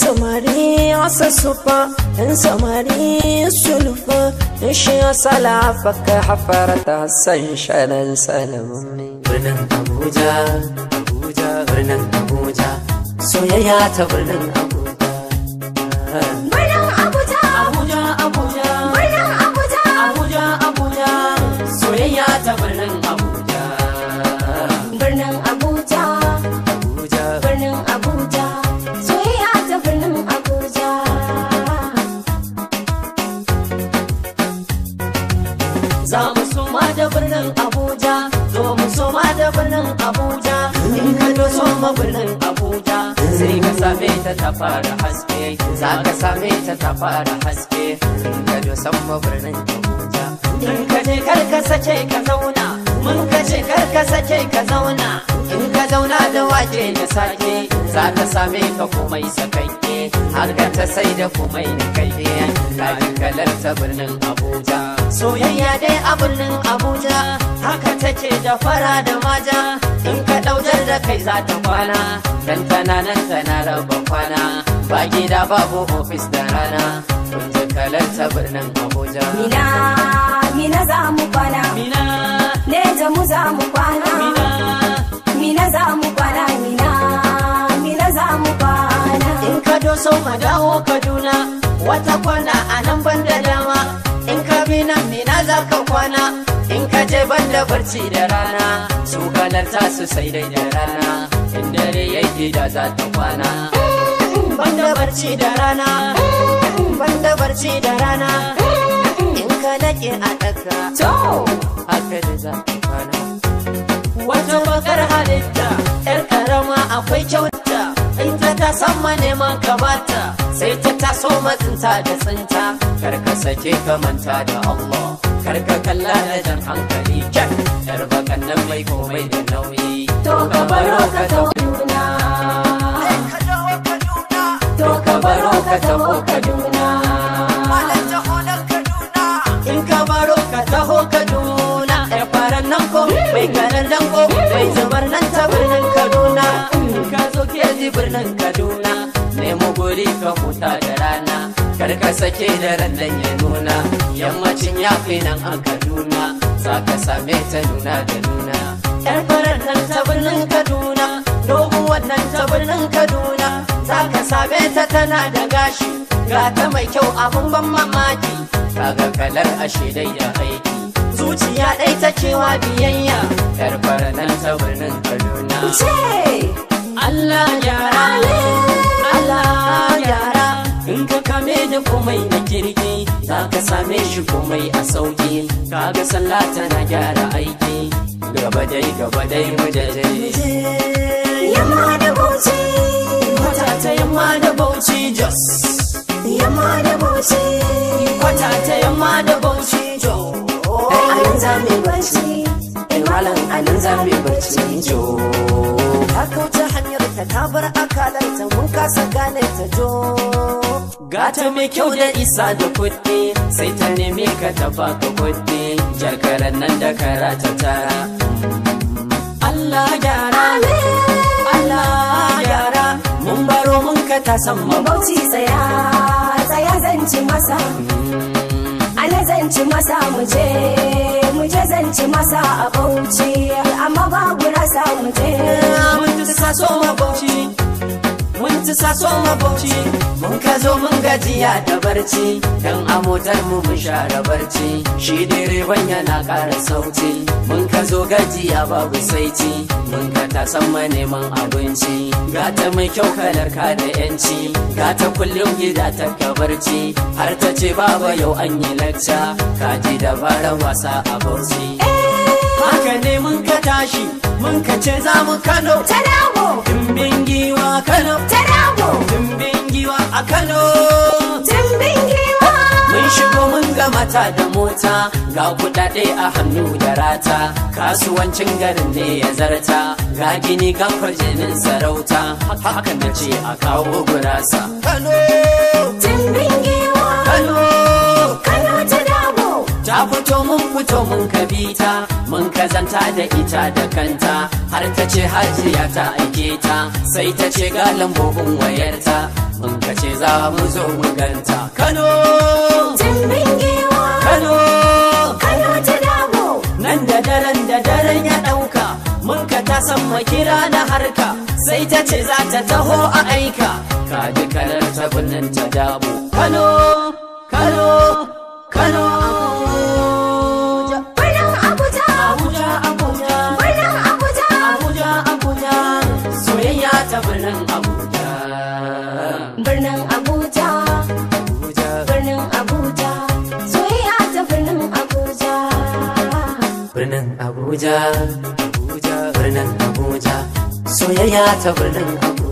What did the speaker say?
samari asa sufa in samari sulfa in shi asala faka hafarta san sharan salamun ne birnin abuja abuja birnin abuja soyayya ta birnin abuja za mu soma da birnin abuja zo mu soma da birnin abuja in ka to soma birnin abuja sai ka same ta ta fara haske za ka same ta ta fara haske in ka to soma birnin abuja in ka je kar ka sace ka zauna mun ka ce kar ka sace ka zauna in ka zauna da wake da sake za ka same ka komai sakakke har ta sai da kuma ni kai ne kafin kalar ta birnin abuja soyayya dai a birnin abuja haka take da fara da maja in ka daudar da kai za ta kwana dan tana nan tana rabon kwana ba gida babu ofis da rana kun ji kalar ta birnin abuja so ma dawo kaduna wata kwana a nan ban da dama in ka bi nan mina za ka kwana in ka je ban da barci da rana su ta su sai dai da rana in dare yake da za ta kwana ban da barci da rana ban da barci da rana in ka laƙe a ɗaga to haka da za ta kwana wata bakar halitta 'yar ƙarama akwai kyau sama neman ka bata sai ta taso matsinta da tsinta karka sake ka manta da Allah karka ka kalla da jan hankali kyan yar bakan nan mai komai da nauyi to ka baro ka ta kaduna to ka baro ka ta kaduna in ka baro ka kaduna yar faran nan ko mai kanan nan ko mai zubar nan ji birnin kaduna nemo guri ka huta da rana kar ka sake da ran ya nuna yammacin ya fi nan a kaduna za ka same ta nuna da nuna yar farar nan ta birnin kaduna doguwar nan ta birnin kaduna za ka same ta tana da gashi ga ta mai kyau abun ban mamaki kaga kalar ashe dai da aiki zuciya ɗai ta cewa biyayya yar farar nan ta birnin kaduna Allah gyara Allah gyara in ka kame da komai na kirki za ka same shi komai a sauki kaga sallah tana gyara aiki gaba dai gaba dai mu da yamma da bauchi kwata ta yamma da bauchi jos yamma da bauchi kwata ta yamma da bauchi jo an zame bauchi in malam alin zame barci jo ta ta bar akalarta mun kasa gane ta jo gata mai kyau da isa da kuɗi sai ta nemi ka ta ka kuɗi jakarar nan da kara ta tara Allah gyara Allah gyara mun baro mun ka ta san mabauci tsaya tsaya zan ci masa ana zan ci masa mu je ke zan ci masa a bauchi amma babu rasa mu eh, mun ci saso mun gajiya da barci dan a motar mu mun share barci shi direban yana kara sauti mun ka zo gajiya babu saiti mun ka ta san neman abinci ta mai kyau kalar ka da yanci ta kullum gida ta kabarci har ta ce baba yau an yi lacca kaji da bara wasa a bauchi eh! haka ne mun ka tashi mun ka ce za mu kano ta dawo dimbin giwa kano ta dawo dimbin giwa a kano mata da mota ga kudade a hannu da rata kasuwancin garin ne ya zarta ga gini ga kwarjinin sarauta haka na ce a kawo gurasa kano kano kano ta damo ta fito mun fito mun kabita mun kazanta da ita da kanta har ta ce hajiya ta aike ta sai ta ce ga lambobin wayarta mun kace za mu zo mu ganta kano Kano. Kano ta damu. Nan da daren da daren ya ɗauka, mun ka ta san makira na harka, sai ta ce za ta taho a aika. Ka ji karar ta kunnan ta damu. Kano, Kano, Kano. Abuja, Abuja, birnin Abuja, soyayya ta birnin Abuja.